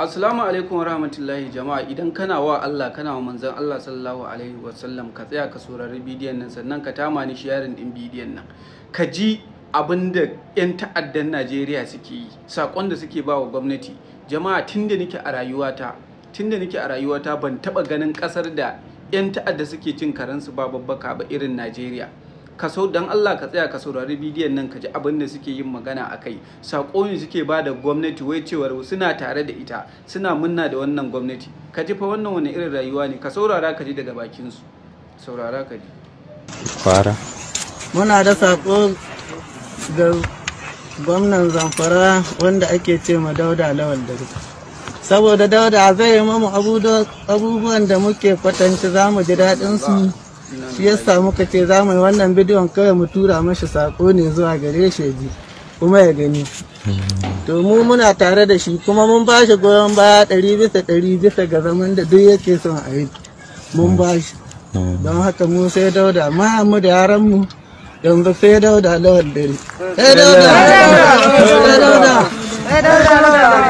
Assalamu alaikum wa rahmatullahi jama'a idan kana wa Allah kana wa manzon Allah sallallahu alaihi wa sallam ka tsaya ka saurari bidiyon nan sannan ka tama ni sharing din bidiyon nan ka ji abin da 'yan ta'addan Najeriya suke yi sakon da suke ba wa gwamnati jama'a tunda nake a rayuwata tunda nake a rayuwata ban taba ganin kasar da 'yan ta'adda suke cin karansu ba babbaka ba irin Najeriya kaso dan Allah ka tsaya ka saurari bidiyon nan ka ji abin da suke yin magana a kai sako ne suke ba da gwamnati wai cewar suna tare da ita suna munna da wannan gwamnati ka ji fa wannan wani irin rayuwa ne ka saurara ka ji daga bakin su saurara ka ji fara muna da sako ga gwamnan zamfara wanda ake ce ma dauda lawal da saboda dauda zai yi mamu abubuwan da muke kwatanci za mu ji daɗinsu shi samu ka ce za mu wannan bidiyon kawai mu tura mashi sako ne zuwa gare shi ji kuma ya gani to mu muna tare da shi kuma mun ba shi goyon baya ɗari bisa ɗari bisa ga zaman da duk yake son a yi mun ba shi don haka mu sai dauda ma mu da yaran mu yanzu sai dauda lawan dare sai dauda sai dauda sai dauda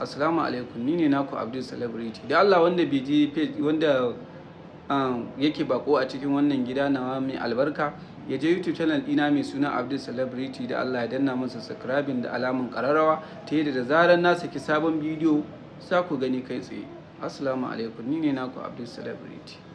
assalamu alaikum ni ne naku abdul celebrity da allah wanda bai wanda um, yake bako a cikin wannan gida nawa mai albarka ya je youtube channel ina mai suna abdul celebrity da allah ya danna masa subscribing da alamun kararrawa ta yadda da zarar na saki sabon bidiyo sa ku gani kai tsaye assalamu alaikum ni ne naku abdul celebrity